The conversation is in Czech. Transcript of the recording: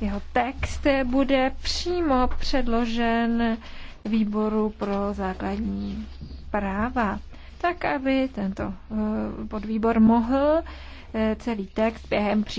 Jeho text bude přímo předložen výboru pro základní práva, tak aby tento eh, podvýbor mohl eh, celý text během příští